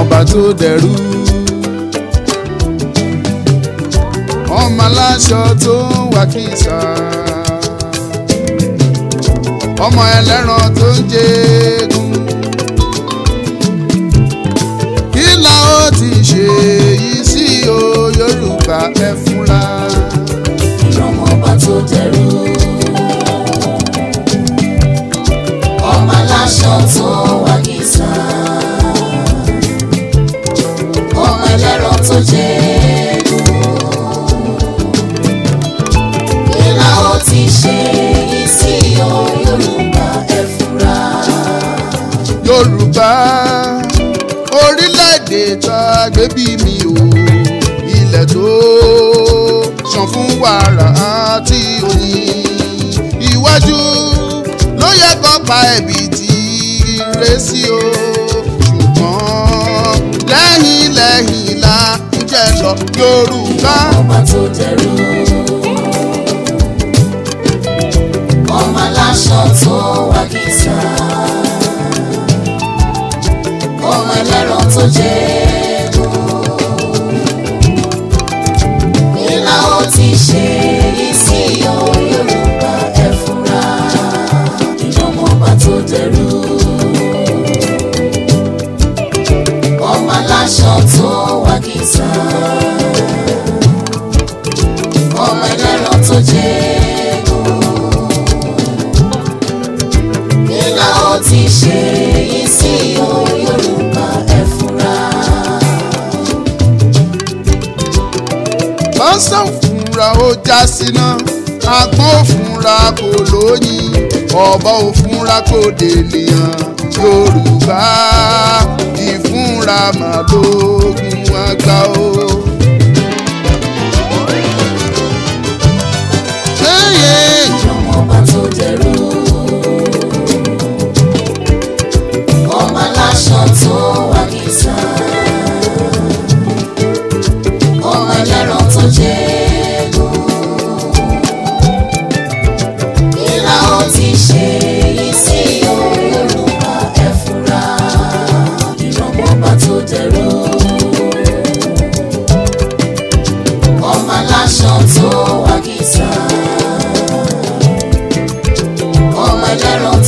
ọba tó dẹrú. ọmọ aláṣọ tó wà kìsà. ọmọ ẹlẹ́ran tó ń jẹ́gun. kí la ti ṣe. ṣe Yorùbá orílẹ̀-èdè tá a mi o ilẹ̀ tó ṣàn fún wàrà àti oyin iwájú ló yẹ kó pa ẹ̀bí tí ire sí o ṣùgbọ́n lẹ́yìn lẹ́yìn la ń jẹ lọ Yorùbá. ọba tó dẹrù. aṣọ tó wà kìtà ọmọ ẹlẹ́ran tó jẹ́. ọsàn fúnra ó já síná agbọ́n ò fúnra kò lóyìn ọ̀bọ ò fúnra kò dènìyàn yorùbá ìfúnra màlógún àgbà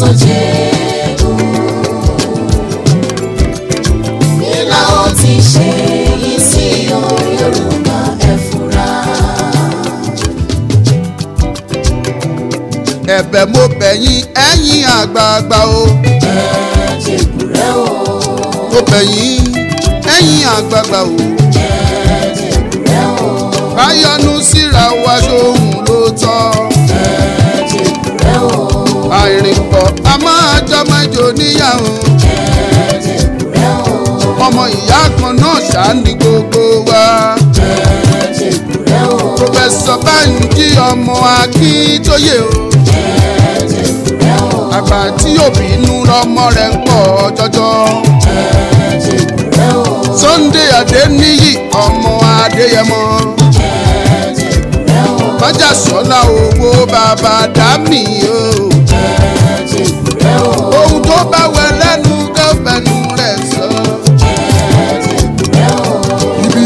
sọjẹ́dùn nílà ó ti ṣe yìí sí orin Yorùbá ẹ fura. mo bẹ̀ yín àgbààgbà o. ẹ jẹ́ ìbúrẹ́ o. mo bẹ̀ yín ẹ̀yin àgbààgbà o. ọmọ ìyá kan náà ṣáàní gbogbo wa. pòfẹ́sọ̀ Bánjí ọmọ Akíntóyè o. àgbà tí òbínú lọmọ rẹ̀ ń pọ̀ jọjọ. Sunday Adéníyì ọmọ Adéyẹmọ. májàsọ́lá owó bàbá dá mi o.